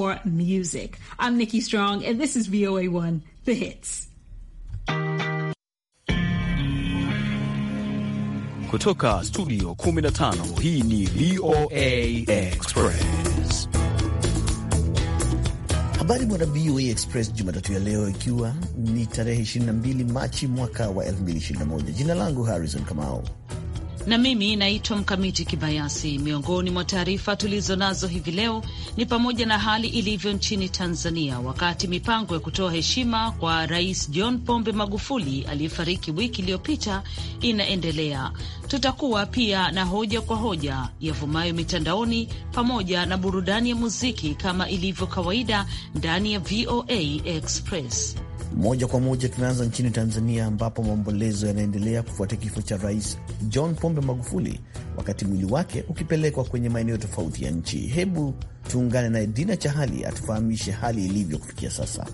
for music. I'm Nikki Strong, and this is VOA1 The Hits. Kutoka studio 15, hii ni VOA Express. Habari mwana VOA Express Jumatatu ya leo, ikiwa ni tarehe 22 Machi mwaka wa 2021. Jina langu Harrison Kamao na mimi naitwa Mkamiti Kibayasi. Miongoni mwa taarifa tulizo nazo hivi leo ni pamoja na hali ilivyo nchini Tanzania wakati mipango ya kutoa heshima kwa Rais John Pombe Magufuli aliyefariki wiki iliyopita inaendelea. Tutakuwa pia na hoja kwa hoja yavumayo mitandaoni pamoja na burudani ya muziki kama ilivyo kawaida ndani ya VOA Express. Moja kwa moja tunaanza nchini Tanzania, ambapo maombolezo yanaendelea kufuatia kifo cha Rais John Pombe Magufuli, wakati mwili wake ukipelekwa kwenye maeneo tofauti ya nchi. Hebu tuungane naye Dina Chahali atufahamishe hali ilivyo kufikia sasa.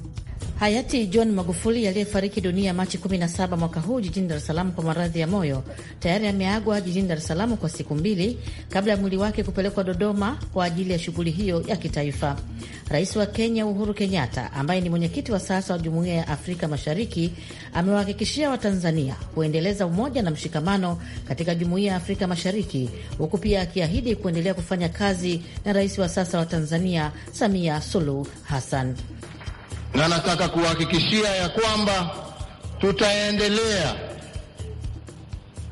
Hayati John Magufuli aliyefariki dunia Machi 17 mwaka huu jijini Dar es Salaam kwa maradhi ya moyo tayari ameagwa jijini Dar es Salaam kwa siku mbili kabla ya mwili wake kupelekwa Dodoma kwa ajili ya shughuli hiyo ya kitaifa. Rais wa Kenya Uhuru Kenyatta, ambaye ni mwenyekiti wa sasa wa Jumuiya ya Afrika Mashariki, amewahakikishia Watanzania kuendeleza umoja na mshikamano katika Jumuiya ya Afrika Mashariki, huku pia akiahidi kuendelea kufanya kazi na rais wa sasa wa Tanzania Samia Suluhu Hassan na nataka kuhakikishia ya kwamba tutaendelea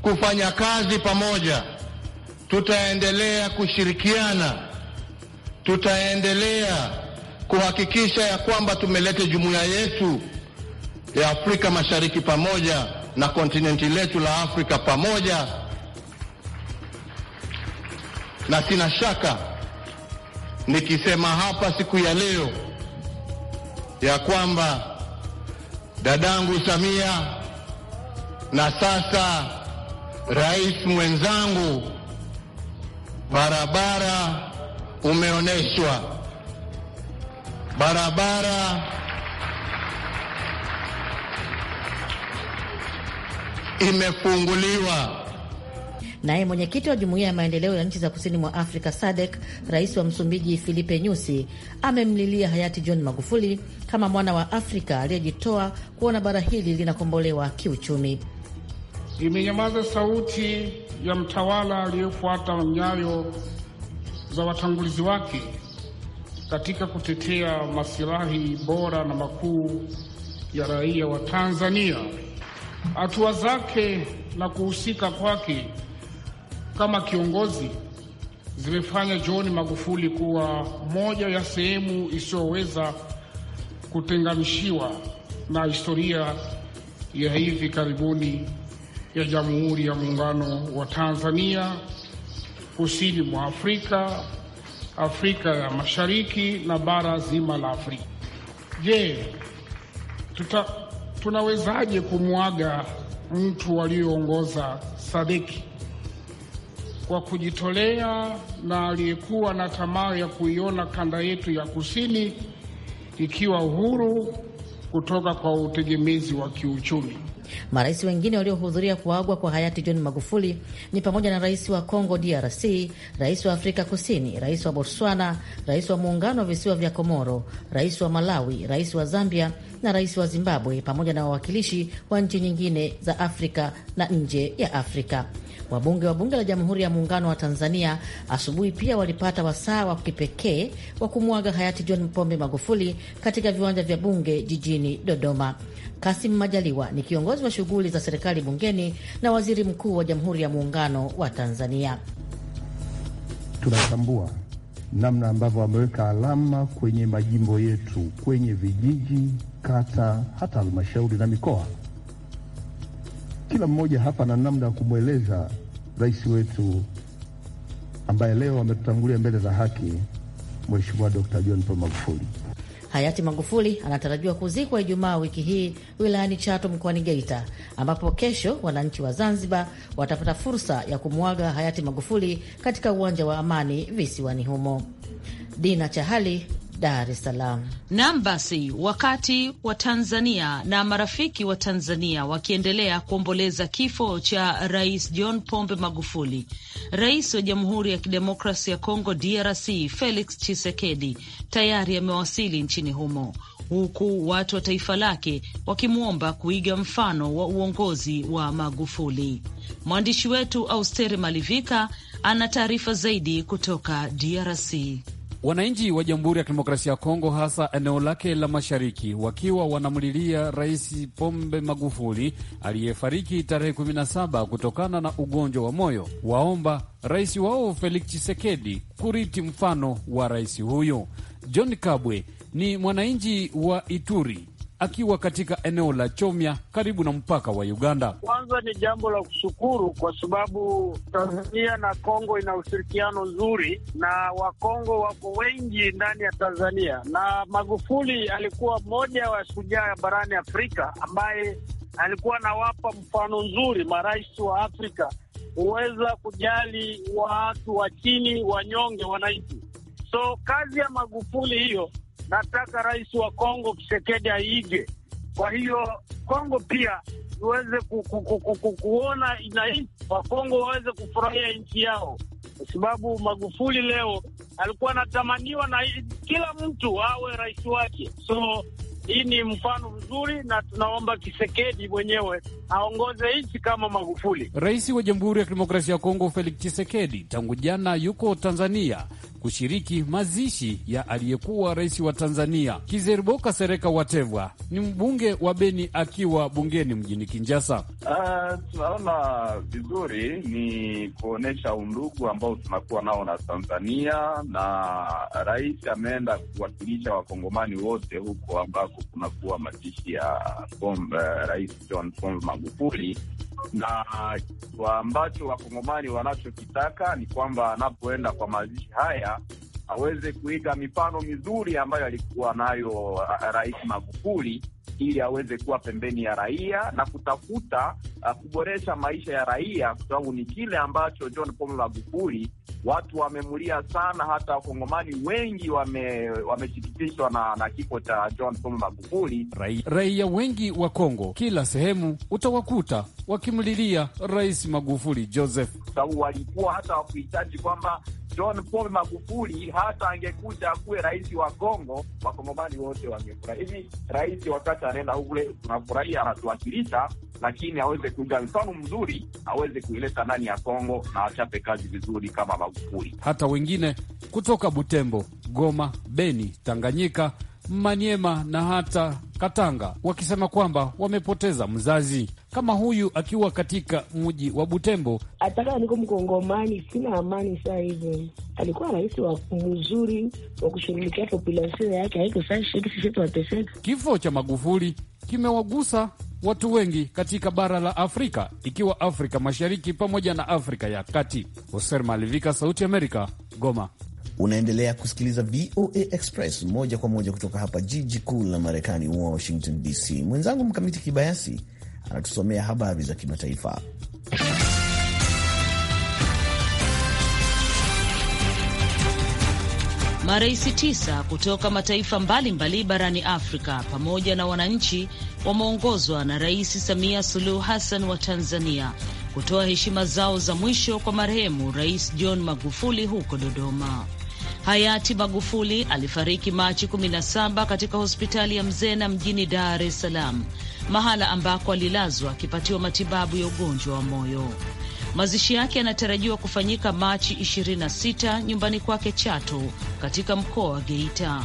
kufanya kazi pamoja, tutaendelea kushirikiana, tutaendelea kuhakikisha ya kwamba tumeleta jumuiya yetu ya Afrika Mashariki pamoja na kontinenti letu la Afrika pamoja, na sina shaka nikisema hapa siku ya leo ya kwamba dadangu Samia na sasa rais mwenzangu, barabara umeonyeshwa, barabara imefunguliwa Naye mwenyekiti wa jumuiya ya maendeleo ya nchi za kusini mwa Afrika SADC, rais wa Msumbiji Filipe Nyusi amemlilia hayati John Magufuli kama mwana wa Afrika aliyejitoa kuona bara hili linakombolewa kiuchumi. Imenyamaza sauti ya mtawala aliyefuata nyayo za watangulizi wake katika kutetea masilahi bora na makuu ya raia wa Tanzania. Hatua zake na kuhusika kwake kama kiongozi zimefanya John Magufuli kuwa moja ya sehemu isiyoweza kutenganishiwa na historia ya hivi karibuni ya Jamhuri ya Muungano wa Tanzania, kusini mwa Afrika, Afrika ya Mashariki na bara zima la Afrika. Je, tuta, tunawezaje kumwaga mtu aliyeongoza sadiki kwa kujitolea na aliyekuwa na tamaa ya kuiona kanda yetu ya kusini ikiwa uhuru kutoka kwa utegemezi wa kiuchumi. Marais wengine waliohudhuria kuagwa kwa hayati John Magufuli ni pamoja na rais wa Congo DRC, rais wa Afrika Kusini, rais wa Botswana, rais wa Muungano wa Visiwa vya Komoro, rais wa Malawi, rais wa Zambia na rais wa Zimbabwe, pamoja na wawakilishi wa nchi nyingine za Afrika na nje ya Afrika. Wabunge wa Bunge la Jamhuri ya Muungano wa Tanzania asubuhi pia walipata wasaa wa kipekee wa kumwaga hayati John Pombe Magufuli katika viwanja vya Bunge jijini Dodoma. Kasim Majaliwa ni kiongozi wa shughuli za serikali bungeni na waziri mkuu wa Jamhuri ya Muungano wa Tanzania. Tunatambua namna ambavyo wameweka alama kwenye majimbo yetu, kwenye vijiji, kata, hata halmashauri na mikoa kila mmoja hapa na namna ya kumweleza rais wetu ambaye leo ametutangulia mbele za haki, Mheshimiwa Dr. John Pombe Magufuli. Hayati Magufuli anatarajiwa kuzikwa Ijumaa wiki hii wilayani Chato mkoani Geita, ambapo kesho wananchi wa Zanzibar watapata fursa ya kumwaga hayati Magufuli katika uwanja wa Amani visiwani humo. Dina Chahali, Dar es Salaam. Nam, basi wakati wa Tanzania na marafiki wa Tanzania wakiendelea kuomboleza kifo cha Rais John Pombe Magufuli, rais wa Jamhuri ya Kidemokrasi ya Kongo DRC Felix Tshisekedi tayari amewasili nchini humo huku watu wa taifa lake wakimwomba kuiga mfano wa uongozi wa Magufuli. Mwandishi wetu Austeri Malivika ana taarifa zaidi kutoka DRC. Wananchi wa Jamhuri ya Kidemokrasia ya Kongo, hasa eneo lake la mashariki, wakiwa wanamlilia Rais Pombe Magufuli aliyefariki tarehe 17 kutokana na ugonjwa wa moyo, waomba rais wao Felix Tshisekedi kuriti mfano wa rais huyo. John Kabwe ni mwananchi wa Ituri akiwa katika eneo la Chomya karibu na mpaka wa Uganda. Kwanza ni jambo la kushukuru kwa sababu Tanzania na Kongo ina ushirikiano nzuri, na Wakongo wako wengi ndani ya Tanzania, na Magufuli alikuwa mmoja wa shujaa barani Afrika ambaye alikuwa anawapa mfano nzuri marais wa Afrika huweza kujali watu wa chini, wanyonge, wananchi. So kazi ya Magufuli hiyo nataka rais wa Kongo kisekedi aige. Kwa hiyo Kongo pia iweze ku, ku, ku, ku, ku, kuona Wakongo waweze kufurahia nchi yao, kwa sababu Magufuli leo alikuwa anatamaniwa na kila mtu awe rais wake. So hii ni mfano mzuri, na tunaomba Kisekedi mwenyewe aongoze nchi kama Magufuli. Rais wa Jamhuri ya Kidemokrasia ya Kongo Felix Chisekedi tangu jana yuko Tanzania kushiriki mazishi ya aliyekuwa rais wa Tanzania Kizeriboka Sereka Watevwa. Ni mbunge wa Beni akiwa bungeni mjini Kinjasa. Uh, ah, tunaona vizuri ni kuonyesha undugu ambao tunakuwa nao na Tanzania, na rais ameenda kuwakilisha wakongomani wote huko ambako kunakuwa mazishi ya uh, rais John Pombe Magufuli na ambacho wakongomani wanachokitaka ni kwamba anapoenda kwa mazishi haya aweze kuiga mifano mizuri ambayo alikuwa nayo uh, Rais Magufuli ili aweze kuwa pembeni ya raia na kutafuta uh, kuboresha maisha ya raia, kwa sababu ni kile ambacho John Pombe Magufuli watu wamemulia sana. Hata wakongomani wengi wamesikitishwa wame na, na kifo cha John Pombe Magufuli. Raia wengi wa Kongo kila sehemu utawakuta wakimlilia Rais Magufuli Joseph, kwa sababu walikuwa hata wakuhitaji kwamba John Pombe Magufuli hata angekuja akuwe rais wa Kongo, wakongomani wote wangefurahi. Hivi rais wakati anaenda ule, tunafurahia anatuwakilisha, lakini aweze kuiga mfano mzuri, aweze kuileta ndani ya Kongo na achape kazi vizuri kama Magufuli. Hata wengine kutoka Butembo, Goma, Beni, Tanganyika, Maniema na hata Katanga wakisema kwamba wamepoteza mzazi kama huyu akiwa katika mji wa Butembo. Hata kama niko Mkongomani, sina amani saa hivi. Alikuwa rais wa mzuri wa kushughulikia populasio yake, haiko sasa sisi tunateseka. Kifo cha Magufuli kimewagusa watu wengi katika bara la Afrika, ikiwa Afrika Mashariki pamoja na Afrika ya Kati. Hoser Malivika, Sauti Amerika, Goma. Unaendelea kusikiliza VOA Express moja kwa moja kutoka hapa jiji kuu la Marekani, Washington DC. Mwenzangu Mkamiti Kibayasi anatusomea habari za kimataifa. Marais tisa kutoka mataifa mbalimbali mbali barani Afrika pamoja na wananchi wameongozwa na Rais Samia Suluhu Hassan wa Tanzania kutoa heshima zao za mwisho kwa marehemu Rais John Magufuli huko Dodoma. Hayati Magufuli alifariki Machi 17 katika hospitali ya Mzena mjini Dar es Salaam mahala ambako alilazwa akipatiwa matibabu ya ugonjwa wa moyo. Mazishi yake yanatarajiwa kufanyika Machi 26 nyumbani kwake Chato katika mkoa wa Geita.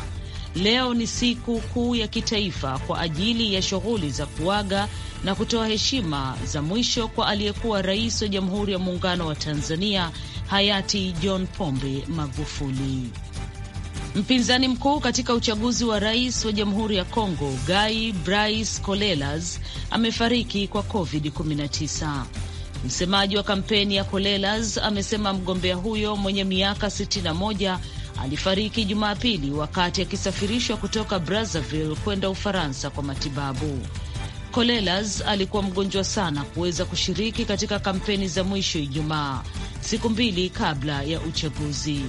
Leo ni siku kuu ya kitaifa kwa ajili ya shughuli za kuaga na kutoa heshima za mwisho kwa aliyekuwa rais wa Jamhuri ya Muungano wa Tanzania hayati John Pombe Magufuli. Mpinzani mkuu katika uchaguzi wa rais wa Jamhuri ya congo Guy Brice Colelas amefariki kwa COVID-19. Msemaji wa kampeni ya Colelas amesema mgombea huyo mwenye miaka 61 alifariki Jumapili wakati akisafirishwa kutoka Brazzaville kwenda Ufaransa kwa matibabu. colelas alikuwa mgonjwa sana kuweza kushiriki katika kampeni za mwisho Ijumaa, siku mbili kabla ya uchaguzi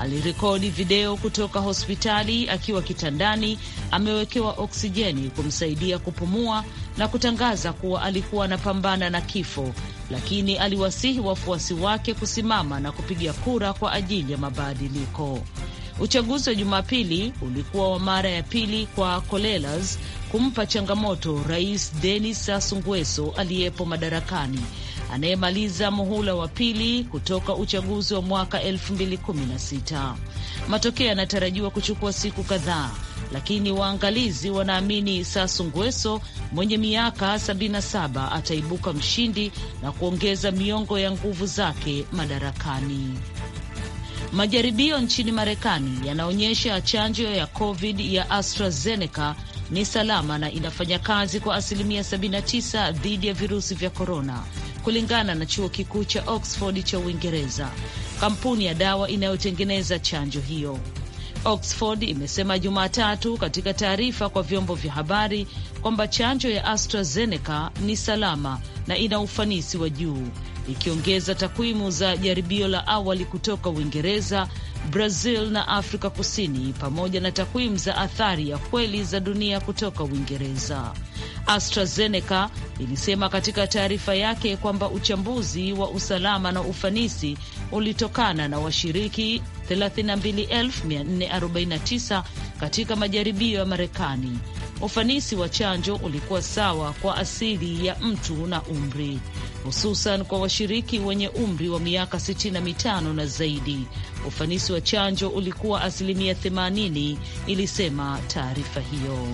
alirekodi video kutoka hospitali akiwa kitandani amewekewa oksijeni kumsaidia kupumua na kutangaza kuwa alikuwa anapambana na kifo, lakini aliwasihi wafuasi wake kusimama na kupiga kura kwa ajili ya mabadiliko. Uchaguzi wa Jumapili ulikuwa wa mara ya pili kwa Kolelas kumpa changamoto Rais Denis Sassou Nguesso aliyepo madarakani anayemaliza muhula wa pili kutoka uchaguzi wa mwaka 2016. Matokeo yanatarajiwa kuchukua siku kadhaa, lakini waangalizi wanaamini Sasu Nguesso mwenye miaka 77 ataibuka mshindi na kuongeza miongo ya nguvu zake madarakani. Majaribio nchini Marekani yanaonyesha chanjo ya COVID ya AstraZeneca ni salama na inafanya kazi kwa asilimia 79 dhidi ya virusi vya korona, kulingana na chuo kikuu cha Oxford cha Uingereza, kampuni ya dawa inayotengeneza chanjo hiyo. Oxford imesema Jumatatu katika taarifa kwa vyombo vya habari kwamba chanjo ya AstraZeneca ni salama na ina ufanisi wa juu ikiongeza takwimu za jaribio la awali kutoka Uingereza, Brazil na Afrika Kusini, pamoja na takwimu za athari ya kweli za dunia kutoka Uingereza. AstraZeneca ilisema katika taarifa yake kwamba uchambuzi wa usalama na ufanisi ulitokana na washiriki 32449 katika majaribio ya Marekani. Ufanisi wa chanjo ulikuwa sawa kwa asili ya mtu na umri hususan kwa washiriki wenye umri wa miaka 65 na zaidi. Ufanisi wa chanjo ulikuwa asilimia 80, ilisema taarifa hiyo.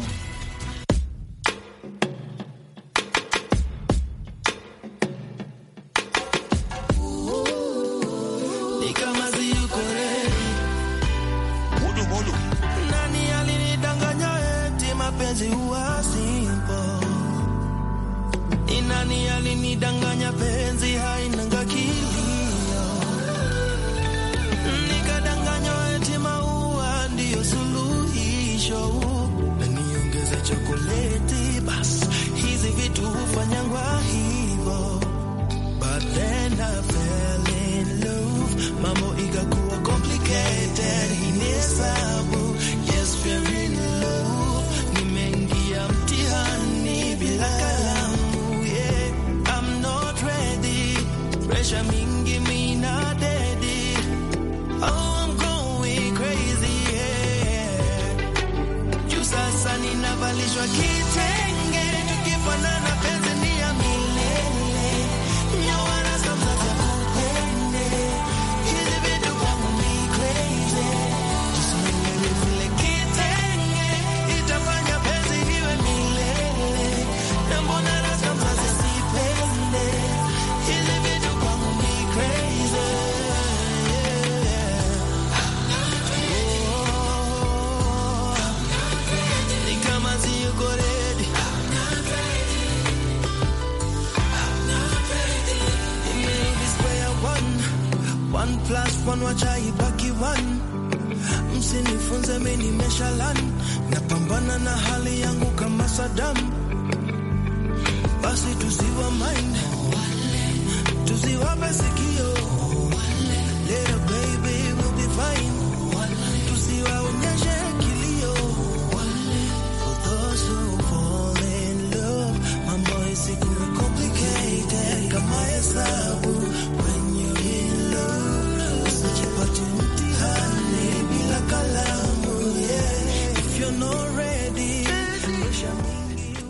One plus one one, msinifunze mimi napambana na hali yangu kama Saddam, basi mind basikio little baby will be fine, kilio mambo isikuwe complicated kama Yesa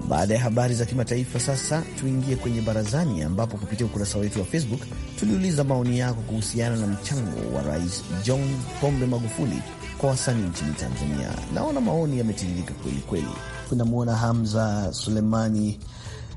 Baada ya habari za kimataifa, sasa tuingie kwenye barazani, ambapo kupitia ukurasa wetu wa Facebook tuliuliza maoni yako kuhusiana na mchango wa Rais John Pombe Magufuli kwa wasanii nchini Tanzania. Naona maoni yametiririka kwelikweli. Tunamwona Hamza Sulemani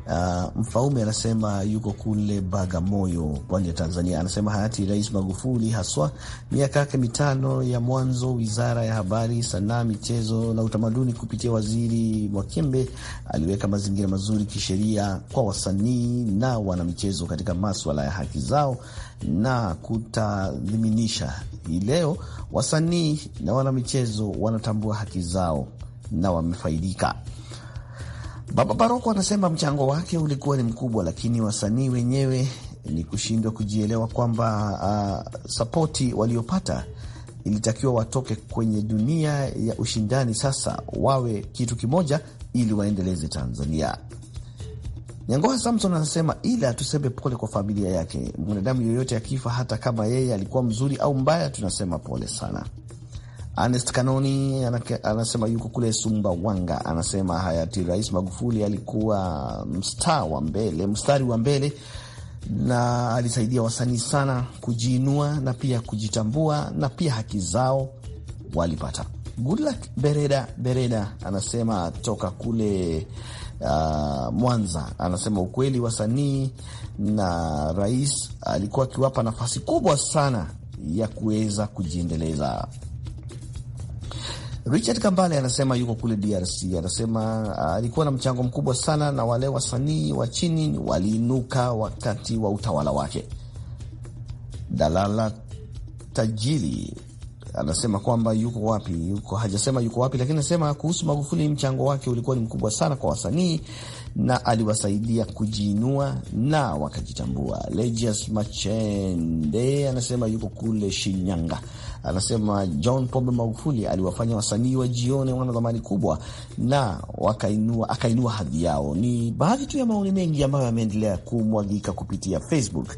Uh, Mfaume anasema yuko kule Bagamoyo, pwani ya Tanzania. Anasema hayati Rais Magufuli haswa miaka yake mitano ya mwanzo, wizara ya habari, sanaa, michezo na utamaduni kupitia waziri Mwakembe aliweka mazingira mazuri kisheria kwa wasanii na wanamichezo katika maswala ya haki zao na kutadhiminisha hii leo wasanii na wanamichezo wanatambua haki zao na wamefaidika. Baba Baroko anasema mchango wake ulikuwa ni mkubwa, lakini wasanii wenyewe ni kushindwa kujielewa kwamba uh, sapoti waliopata ilitakiwa watoke kwenye dunia ya ushindani, sasa wawe kitu kimoja ili waendeleze Tanzania. Nyangoha Samson anasema ila tuseme pole kwa familia yake. Mwanadamu yoyote akifa, hata kama yeye alikuwa mzuri au mbaya, tunasema pole sana. Ernest Kanoni anasema yuko kule Sumbawanga, anasema hayati Rais Magufuli alikuwa mstari wa mbele, mstari wa mbele na alisaidia wasanii sana kujiinua na pia kujitambua na pia haki zao walipata. Good luck Bereda Bereda anasema toka kule uh, Mwanza, anasema ukweli, wasanii na rais alikuwa akiwapa nafasi kubwa sana ya kuweza kujiendeleza. Richard Kambale anasema yuko kule DRC, anasema ah, alikuwa na mchango mkubwa sana, na wale wasanii wa chini waliinuka wakati wa utawala wake. Dalala Tajili anasema kwamba yuko wapi, yuko hajasema yuko wapi, lakini anasema kuhusu Magufuli, mchango wake ulikuwa ni mkubwa sana kwa wasanii na aliwasaidia kujiinua na wakajitambua. Legias Machende anasema yuko kule Shinyanga. Anasema John Pombe Magufuli aliwafanya wasanii wajione wana dhamani kubwa na wakainua, akainua hadhi yao. Ni baadhi tu ya maoni mengi ambayo yameendelea kumwagika kupitia Facebook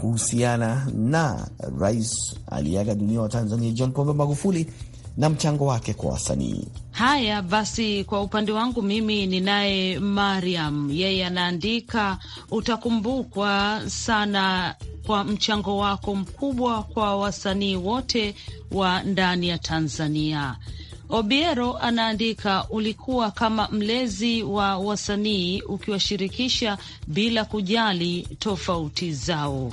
kuhusiana na rais aliyeaga dunia wa Tanzania John Pombe Magufuli na mchango wake kwa wasanii. Haya basi, kwa upande wangu mimi ninaye Mariam, yeye anaandika, utakumbukwa sana kwa mchango wako mkubwa kwa wasanii wote wa ndani ya Tanzania. Obiero anaandika ulikuwa kama mlezi wa wasanii ukiwashirikisha bila kujali tofauti zao.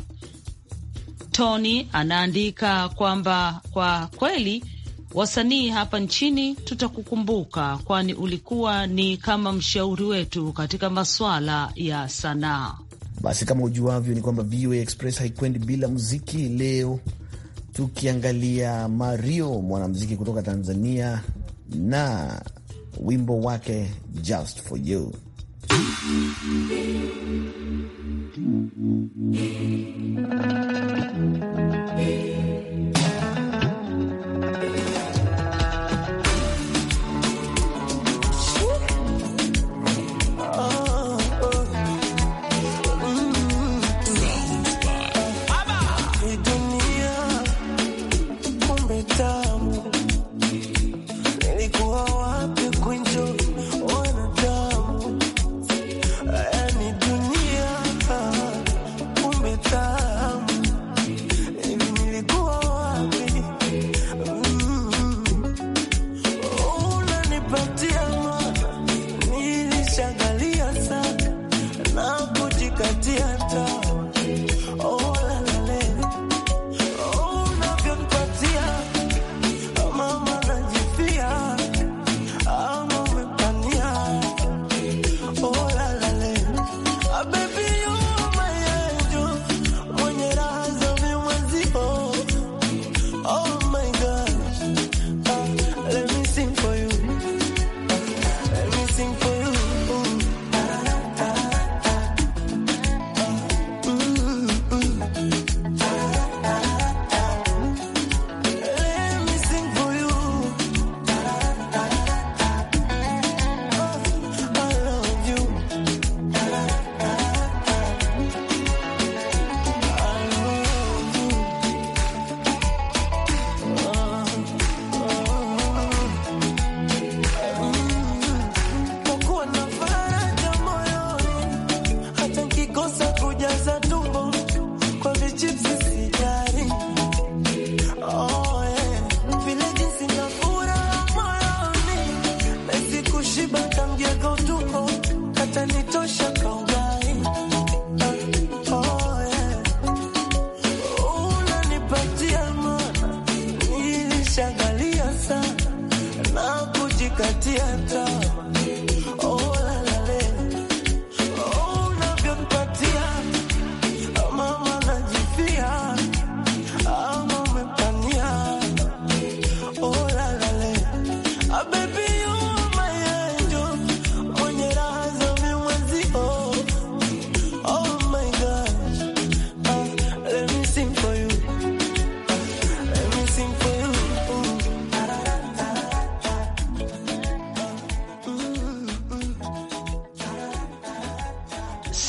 Tony anaandika kwamba kwa kweli wasanii hapa nchini tutakukumbuka, kwani ulikuwa ni kama mshauri wetu katika masuala ya sanaa. Basi kama ujuavyo ni kwamba VOA Express haikwendi bila muziki. Leo tukiangalia Mario, mwanamuziki kutoka Tanzania na wimbo wake Just for You.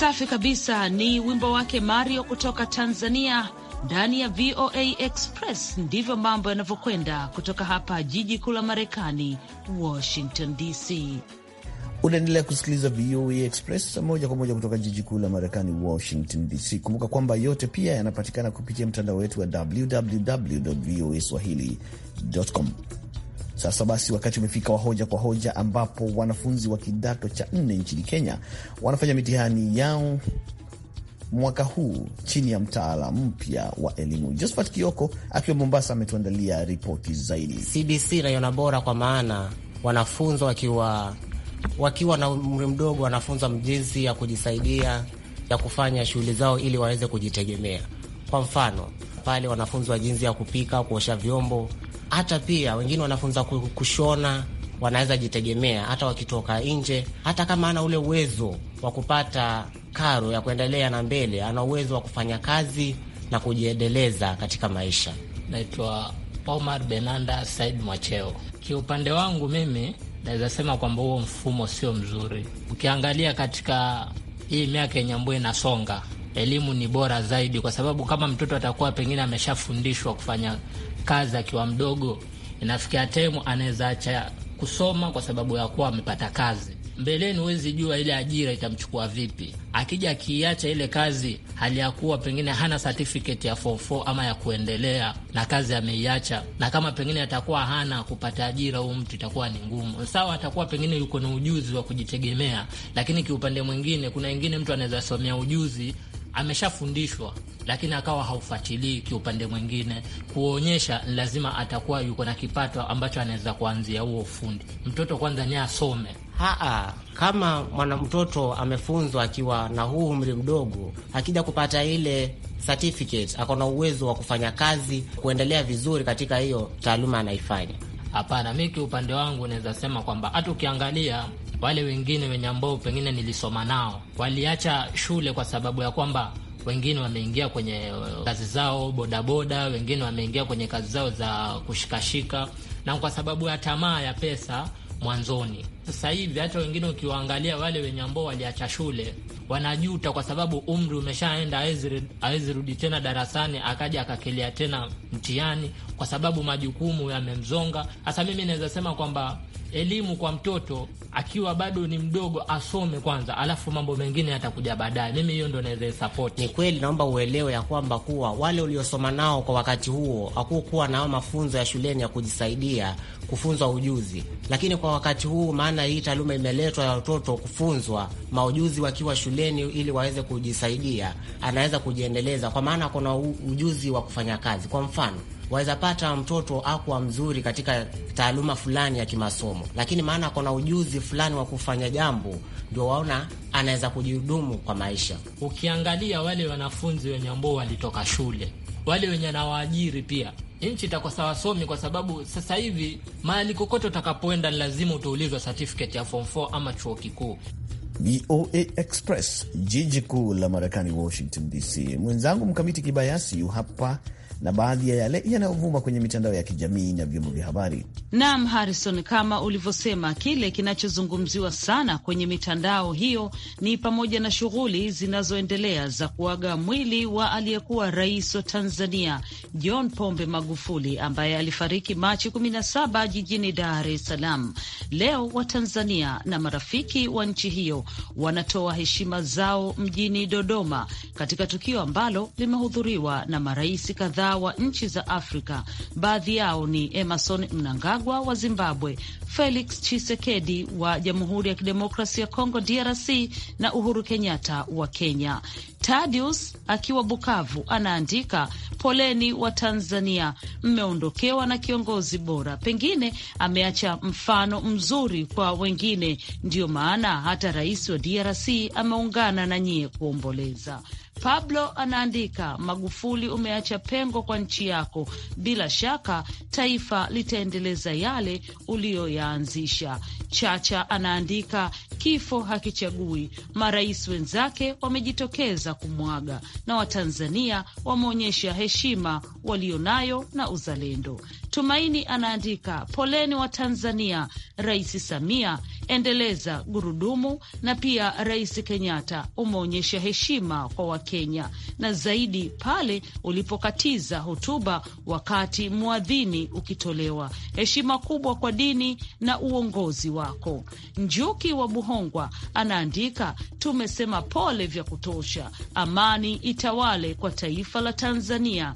Safi kabisa, ni wimbo wake Mario kutoka Tanzania ndani ya VOA Express. Ndivyo mambo yanavyokwenda kutoka hapa jiji kuu la Marekani, Washington DC. Unaendelea kusikiliza VOA Express moja kwa moja kutoka jiji kuu la Marekani, Washington DC. Kumbuka kwamba yote pia yanapatikana kupitia mtandao wetu wa www voa swahili.com. Sasa basi, wakati umefika wa hoja kwa hoja, ambapo wanafunzi wa kidato cha nne nchini Kenya wanafanya mitihani yao mwaka huu chini ya mtaala mpya wa elimu. Josephat Kioko akiwa Mombasa ametuandalia ripoti zaidi. CBC naiona bora kwa maana wanafunzwa wakiwa wakiwa na umri mdogo, wanafunzwa jinsi ya kujisaidia, ya kufanya shughuli zao ili waweze kujitegemea. Kwa mfano, pale wanafunzwa jinsi ya kupika, kuosha vyombo hata pia wengine wanafunza kushona, wanaweza jitegemea hata wakitoka nje, hata kama ana ule uwezo wa kupata karo ya kuendelea na mbele, ana uwezo wa kufanya kazi na kujiendeleza katika maisha. Naitwa Omar Benanda Said Mwacheo. Kiupande wangu mimi naweza sema kwamba huo mfumo sio mzuri. Ukiangalia katika hii miaka yenye ambayo inasonga, elimu ni bora zaidi, kwa sababu kama mtoto atakuwa pengine ameshafundishwa kufanya kazi akiwa mdogo, inafikia temu anaweza acha kusoma kwa sababu ya kuwa amepata kazi. Mbeleni huwezi jua ile ajira itamchukua vipi. Akija akiiacha ile kazi, hali ya kuwa pengine hana certificate ya form ama ya kuendelea na kazi ameiacha, na kama pengine atakuwa hana kupata ajira, huu mtu itakuwa ni ngumu. Sawa, atakuwa pengine yuko na ujuzi wa kujitegemea, lakini kiupande mwingine, kuna wengine mtu anaweza somea ujuzi ameshafundishwa lakini akawa haufuatilii kiupande mwingine kuonyesha, lazima atakuwa yuko na kipato ambacho anaweza kuanzia huo ufundi. Mtoto kwanza ni asome haa. Kama mwanamtoto amefunzwa akiwa na huu umri mdogo, akija kupata ile certificate, akona uwezo wa kufanya kazi, kuendelea vizuri katika hiyo taaluma anaifanya. Hapana, mi kiupande wangu naweza sema kwamba hata ukiangalia wale wengine wenye ambao pengine nilisoma nao waliacha shule kwa sababu ya kwamba wengine wameingia kwenye uh, kazi zao bodaboda, wengine wameingia kwenye kazi zao za kushikashika, na kwa sababu ya tamaa ya pesa mwanzoni. Sasa hivi hata wengine ukiwaangalia wale wenye ambao waliacha shule wanajuta, kwa sababu umri umeshaenda, hawezi rudi tena darasani akaja akakelea tena mtihani, kwa sababu majukumu yamemzonga. Sasa mimi naweza sema kwamba elimu kwa mtoto akiwa bado ni mdogo asome kwanza, alafu mambo mengine yatakuja baadaye. Mimi hiyo ndo naweza support. Ni kweli, naomba uelewe ya kwamba kuwa wale uliosoma nao kwa wakati huo hakukuwa nao mafunzo ya shuleni ya kujisaidia kufunzwa ujuzi, lakini kwa wakati huu, maana hii taaluma imeletwa ya watoto kufunzwa maujuzi wakiwa shuleni, ili waweze kujisaidia, anaweza kujiendeleza, kwa maana kuna ujuzi wa kufanya kazi, kwa mfano waweza pata mtoto akuwa mzuri katika taaluma fulani ya kimasomo, lakini maana ako na ujuzi fulani wa kufanya jambo, ndio waona anaweza kujihudumu kwa maisha. Ukiangalia wale wanafunzi wenye ambao walitoka shule, wale wenye nawaajiri pia nchi itakosa wasomi kwa sababu sasa hivi mahali kokote utakapoenda ni lazima utaulizwa certificate ya form 4 ama chuo kikuu. VOA Express, jiji kuu la Marekani, Washington DC. Mwenzangu Mkamiti Kibayasi yu hapa na baadhi ya yale yanayovuma kwenye mitandao ya kijamii na vyombo vya habari. Naam, Harrison, kama ulivyosema, kile kinachozungumziwa sana kwenye mitandao hiyo ni pamoja na shughuli zinazoendelea za kuaga mwili wa aliyekuwa rais wa Tanzania John Pombe Magufuli ambaye alifariki Machi 17 jijini Dar es Salaam. Leo Watanzania na marafiki wa nchi hiyo wanatoa heshima zao mjini Dodoma katika tukio ambalo limehudhuriwa na marais kadhaa kadhaa wa nchi za Afrika. Baadhi yao ni Emerson Mnangagwa wa Zimbabwe, Felix chisekedi wa Jamhuri ya Kidemokrasi ya Kongo DRC na Uhuru Kenyatta wa Kenya. Tadius akiwa Bukavu anaandika, poleni wa Tanzania, mmeondokewa na kiongozi bora. Pengine ameacha mfano mzuri kwa wengine, ndiyo maana hata rais wa DRC ameungana na nyie kuomboleza. Pablo anaandika, Magufuli, umeacha pengo kwa nchi yako. Bila shaka taifa litaendeleza yale uliyoyaanzisha. Chacha anaandika, kifo hakichagui, marais wenzake wamejitokeza kumwaga na Watanzania wameonyesha heshima walionayo na uzalendo. Tumaini anaandika, poleni wa Tanzania, Rais Samia endeleza gurudumu, na pia Rais Kenyatta umeonyesha heshima kwa Kenya, na zaidi pale ulipokatiza hotuba wakati mwadhini ukitolewa. Heshima kubwa kwa dini na uongozi wako. Njuki wa Buhongwa anaandika, tumesema pole vya kutosha, amani itawale kwa taifa la Tanzania.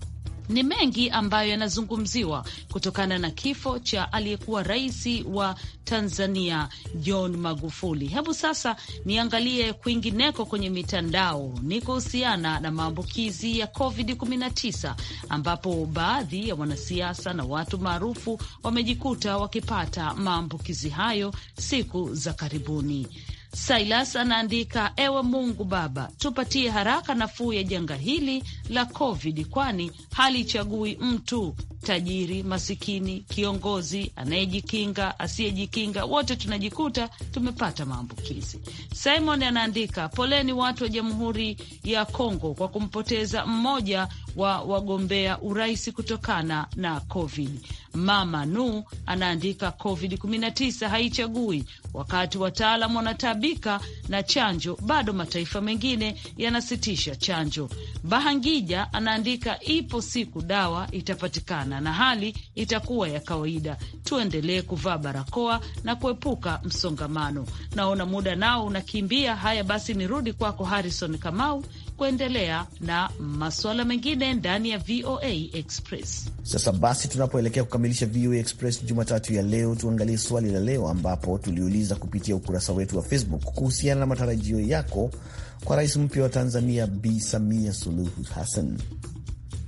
Ni mengi ambayo yanazungumziwa kutokana na kifo cha aliyekuwa rais wa Tanzania John Magufuli. Hebu sasa niangalie kwingineko kwenye mitandao, ni kuhusiana na maambukizi ya COVID-19 ambapo baadhi ya wanasiasa na watu maarufu wamejikuta wakipata maambukizi hayo siku za karibuni. Silas anaandika, ewe Mungu Baba, tupatie haraka nafuu ya janga hili la COVID, kwani halichagui mtu, tajiri, masikini, kiongozi, anayejikinga, asiyejikinga, wote tunajikuta tumepata maambukizi. Simon anaandika, poleni watu wa Jamhuri ya Kongo kwa kumpoteza mmoja wa wagombea urais kutokana na COVID. Mama Nu anaandika COVID-19 haichagui, wakati wataalam wanataabika na chanjo, bado mataifa mengine yanasitisha chanjo. Bahangija anaandika ipo siku dawa itapatikana na hali itakuwa ya kawaida, tuendelee kuvaa barakoa na kuepuka msongamano. Naona muda nao unakimbia. Haya basi, nirudi kwako Harrison Kamau kuendelea na masuala mengine mengine ndani ya VOA Express. Sasa basi, tunapoelekea kukamilisha VOA Express Jumatatu ya leo, tuangalie swali la leo, ambapo tuliuliza kupitia ukurasa wetu wa Facebook kuhusiana na matarajio yako kwa rais mpya wa Tanzania Bi Samia Suluhu Hassan.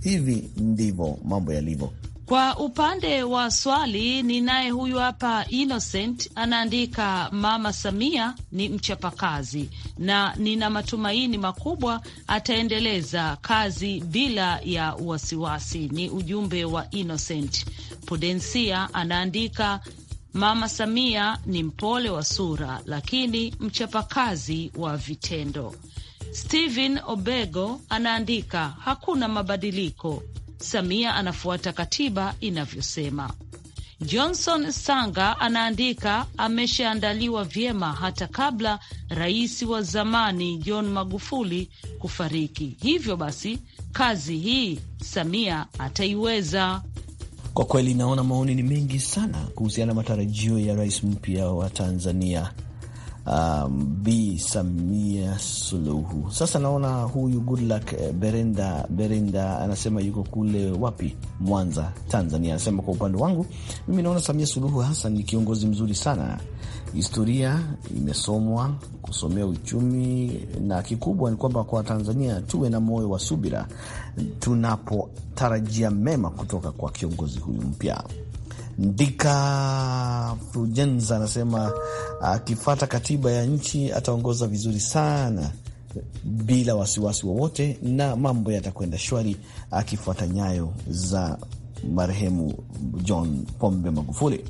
Hivi ndivyo mambo yalivyo. Kwa upande wa swali ni naye huyu hapa Innocent anaandika, Mama Samia ni mchapakazi na nina matumaini makubwa ataendeleza kazi bila ya wasiwasi. Ni ujumbe wa Innocent. Pudensia anaandika, Mama Samia ni mpole wa sura, lakini mchapakazi wa vitendo. Steven Obego anaandika, hakuna mabadiliko Samia anafuata katiba inavyosema. Johnson Sanga anaandika ameshaandaliwa vyema hata kabla rais wa zamani John Magufuli kufariki. Hivyo basi kazi hii Samia ataiweza. Kwa kweli, naona maoni ni mengi sana kuhusiana na matarajio ya rais mpya wa Tanzania um, Bi Samia Suluhu. Sasa naona huyu Goodluck eh, Berenda Berenda anasema yuko kule wapi, Mwanza, Tanzania. Anasema kwa upande wangu mimi naona Samia Suluhu Hassan ni kiongozi mzuri sana. Historia imesomwa kusomea uchumi, na kikubwa ni kwamba kwa Tanzania tuwe na moyo wa subira tunapotarajia mema kutoka kwa kiongozi huyu mpya. Ndika Frujenza anasema akifata katiba ya nchi ataongoza vizuri sana bila wasiwasi wowote wa na mambo yatakwenda shwari, akifuata nyayo za marehemu John Pombe Magufuli.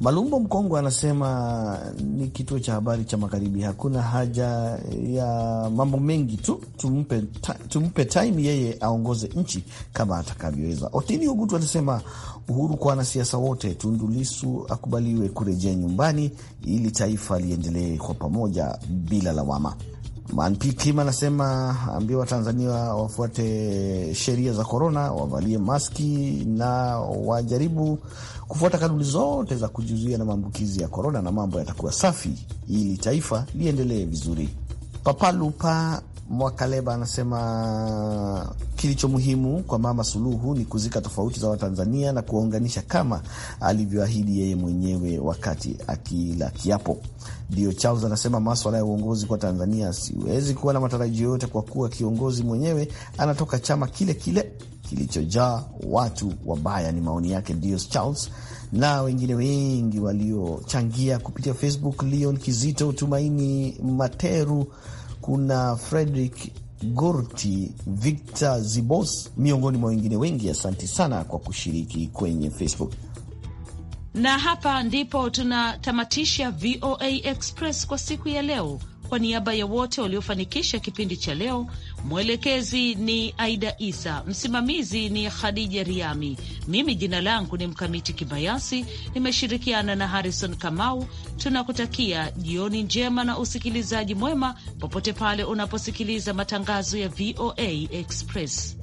Malumbo Mkongwe anasema ni kituo cha habari cha magharibi, hakuna haja ya mambo mengi tu, tumpe, tumpe time yeye aongoze nchi kama atakavyoweza. Otini ugutu anasema uhuru kwa wanasiasa wote, Tundu akubaliwe kurejea nyumbani ili taifa liendelee kwa pamoja bila lawama. Manpikim anasema ambia Watanzania wafuate sheria za korona, wavalie maski na wajaribu kufuata kanuni zote za kujizuia na maambukizi ya korona, na mambo yatakuwa safi ili taifa liendelee vizuri. Papalupa Mwakaleba anasema kilicho muhimu kwa Mama Suluhu ni kuzika tofauti za Watanzania na kuwaunganisha kama alivyoahidi yeye mwenyewe wakati akila kiapo. Dio Charles anasema maswala ya uongozi kwa Tanzania, siwezi kuwa na matarajio yote kwa kuwa kiongozi mwenyewe anatoka chama kile kile kilichojaa watu wabaya. Ni maoni yake Dios Charles na wengine wengi waliochangia kupitia Facebook: Leon Kizito, Tumaini Materu, kuna Frederick Gorti, Victor Zibos, miongoni mwa wengine wengi. Asante sana kwa kushiriki kwenye Facebook na hapa ndipo tunatamatisha VOA Express kwa siku ya leo. Kwa niaba ya wote waliofanikisha kipindi cha leo, Mwelekezi ni Aida Isa, msimamizi ni Khadija Riami. Mimi jina langu ni Mkamiti Kibayasi, nimeshirikiana na Harrison Kamau. Tunakutakia jioni njema na usikilizaji mwema popote pale unaposikiliza matangazo ya VOA Express.